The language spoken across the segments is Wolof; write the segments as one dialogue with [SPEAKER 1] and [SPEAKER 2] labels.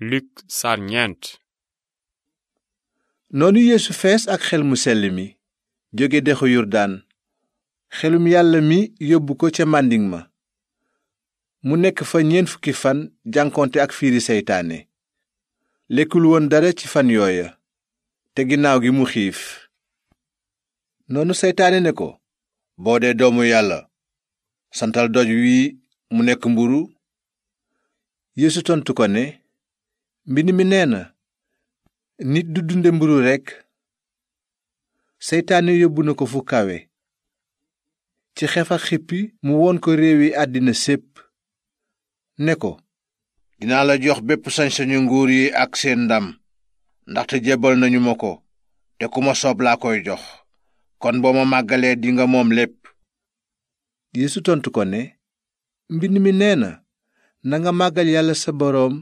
[SPEAKER 1] Luk sar noonu Yeesu fees ak xel mu sell mi jóge dexu Yordaan xelum yàlla mi yóbbu ko ca màndin ma mu nekk fa ñeent fukki fan jànkonte ak fiiri seytaane lekkul woon dara ci fan yooya te ginnaaw gi mu xiif noonu seytaane ni ko boo dee doomu yàlla santal doj wi mu nekk mburu yéesu tontu ko ne mbind mi nee na nit du dunde mburu rekk seytaane yóbbu na ko fu kawe ci xef ak xippi mu won ko réew yi àddina sépp ne ko dinaa la jox bépp sañ-sañu nguur yi ak seen ndam ndaxte jebal nañu ma ko te ku ma soob laa koy jox kon boo ma màggalee dinga moom lépp Yeesu tontu ko ne mbind mi nee na nanga màggal yàlla sa boroom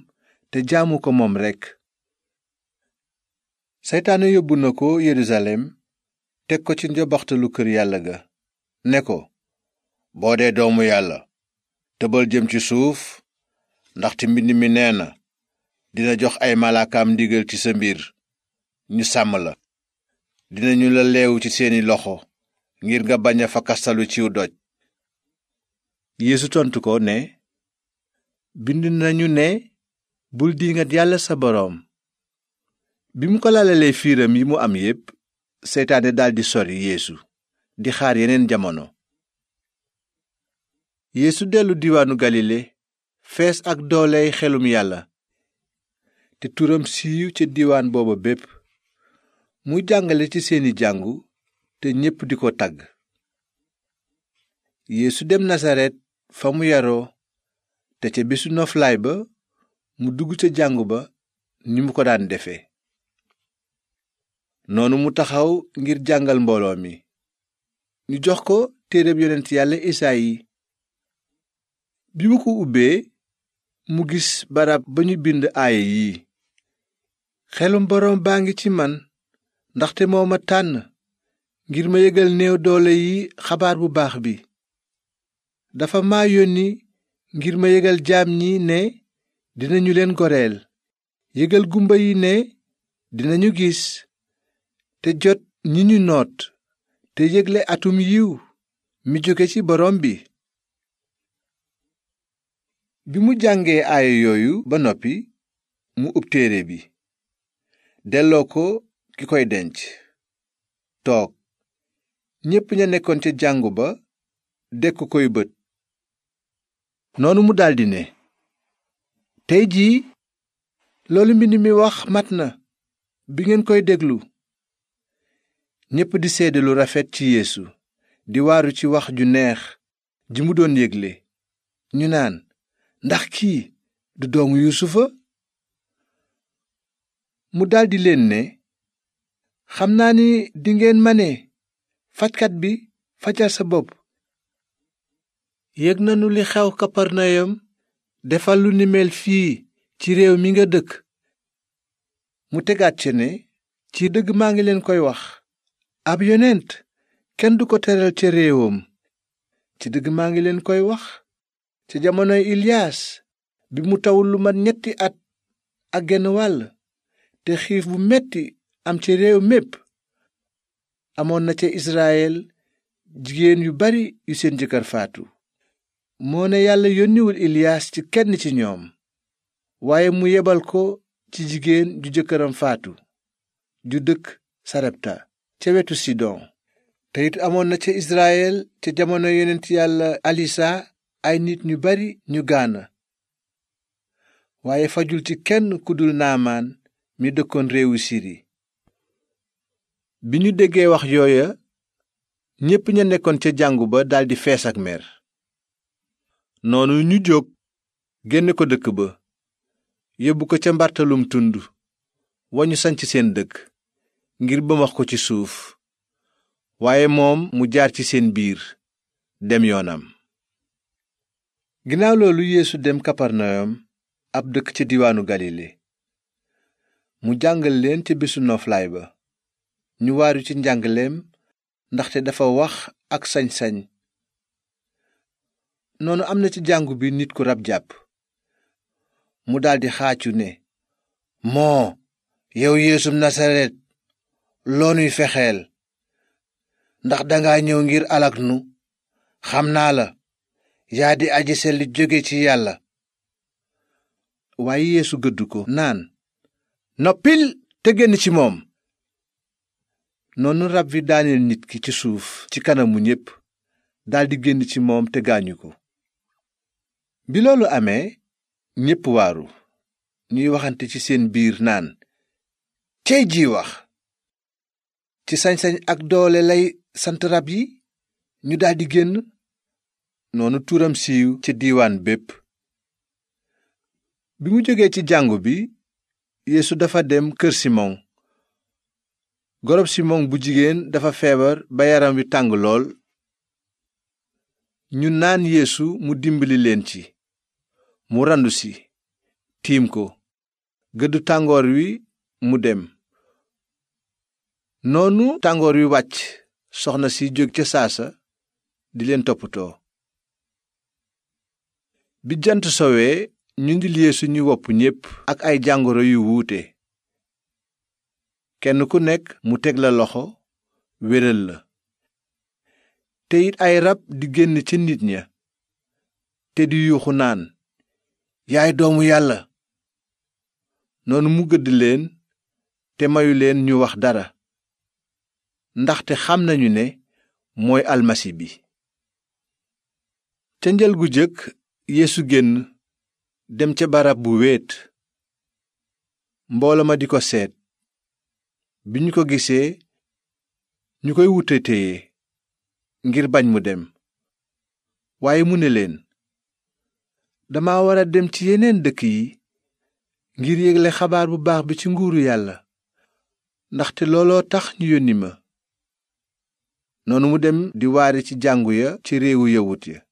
[SPEAKER 1] te jaamu ko moom rekk seytaane yóbbu na ko yerusalem teg ko ci njobaxtalu kër yàlla ga ne ko boo dee doomu yàlla tëbal jëm ci suuf ndaxte mbind mi nee na dina jox ay malaakaam ndigal ci sa mbir ñu sàmm la dinañu la leewu ci seeni loxo ngir nga bañ a fakastalu ciw doj yéesu tontu ko ne bind nañu ne bul diingat yàlla sa boroom bi mu ko lalalee fiiram yi mu am yépp seytaane daldi sori yéesu di xaar yeneen jamono yéesu dellu diiwaanu galile fees ak dooley xelum yàlla te turam siiw ca diwaan booba bépp muy jàngale ci seeni jàngu te ñépp di ko tagg yeesu dem nasaret fa mu yaroo te ca bisu noflaay ba mu dugg ca jàngu ba ni mu ko daan defe noonu mu taxaw ngir jàngal mbooloo mi ñu jox ko téereb yonent yàlla Isaayi bi mu ko ubbee mu gis barab ba ñu bind aaya yi xelum boroom baa ngi ci man ndaxte moo ma tànn ngir ma yëgal néew doole yi xabaar bu baax bi dafa maa yónni ngir ma yëgal jaam ñi ne dinañu leen goreel yëgal gumba yi ne dinañu gis te jot ñi ñu noot te yëgle atum yiw mi jóge ci borom bi bi mu jàngee aaya yooyu ba noppi mu ub téere bi delloo ko ki koy denc toog ñépp ña nekkoon ca jàngu ba dekk koy bët noonu mu daldi ne tey jii loolu mbind mi wax mat na bi ngeen koy déglu ñépp di seede lu rafet ci yeesu di waaru ci wax ju neex ji mu doon yégle ñu naan ndax kii du doomu yuusufa mu daldi leen ne xam naa ni dingeen ma ne fajkat bi fajal sa bopp yëg nanu li xew kaparnayom defal lu ni mel fii ci réew mi nga dëkk mu tegaat ca ne ci dëgg maa ngi leen koy wax ab yonent kenn du ko teral ca réewam ci dëgg maa ngi leen koy wax ca jamonoy Iliyaas bi mu tawul lu mat ñetti at ak genn wàll te xiif bu metti am ci réew mépp amoon na ca Israyel jigéen yu bari yu seen jëkkër faatu moo ne yàlla yónniwul iliyaas ci kenn ci ñoom waaye mu yebal ko ci jigéen ju jëkkëram faatu ju dëkk sarepta ca wetu sidon te amoon na ca israyel ca jamono yonent yàlla alisa ay nit ñu bari ñu gaana waaye fajul ci kenn ku dul naamaan mi dëkkoon réewu siri bi ñu déggee wax yooya ñépp ña nekkoon ca jàngu ba daldi fees ak mer noonu ñu jóg génne ko dëkk ba yóbbu ko ca mbartalum tund wañu sanc seen dëkk ngir bëmax ko ci suuf waaye moom mu jaar ci seen biir dem yoonam ginnaaw loolu yéesu dem kaparnayom ab dëkk ca diwaanu galile mu jàngal leen ca bisu nooflaay ba ñu waaru ci njàngaleem ndaxte dafa wax ak sañ-sañ noonu am na ci jàngu bi nit ku rab jàpp mu daldi xaacu ne moo yow yeesu nasaret loo nuy fexeel ndax danga ñëw ngir alak nu xam naa la yaa di aji sell li jóge ci yàlla waaye yeesu gëdd ko naan noppil te génn ci moom noonu rab wi daaneel nit ki ci suuf ci kanamu ñépp daldi génn ci moom te gaañu ko bi loolu amee ñépp waaru ñuy waxante ci seen biir naan cey ji wax ci sañsañ ak doole lay sant rab yi ñu daldi génn noonu turam siiw ci diiwaan bépp bi mu jógee ci jàngu bi yeesu dafa dem kër simon gorob simon bu jigéen dafa feebar ba yaram wi tàng lool ñu naan yéesu mu dimbali leen ci mu randu si tiim ko gëddu tàngoor wi mu dem noonu tàngoor wi wàcc soxna si jóg ca saasa di leen toppatoo bi jant sowee ñu ndil yeesu ñu wopp ñépp ak ay jàngoro yu wuute kenn ku nekk mu teg la loxo wéral la te it ay rab di génn ca nit ña te di yuuxu naan yaay doomu yàlla noonu mu gëdd leen te mayu leen ñu wax dara ndaxte xam nañu ne mooy almasi bi ca njël gu jëkk yéesu génn dem ca barab bu wéet mboolo ma di ko seet bi ñu ko gisee ñu koy wute téye ngir bañ mu dem waaye mu ne leen dama war a dem ci yeneen dëkk yi ngir yégle xabaar bu baax bi ci nguuru yàlla ndaxte looloo tax ñu yónni ma noonu mu dem di waare ci jàngu ya ci réewu yawut ya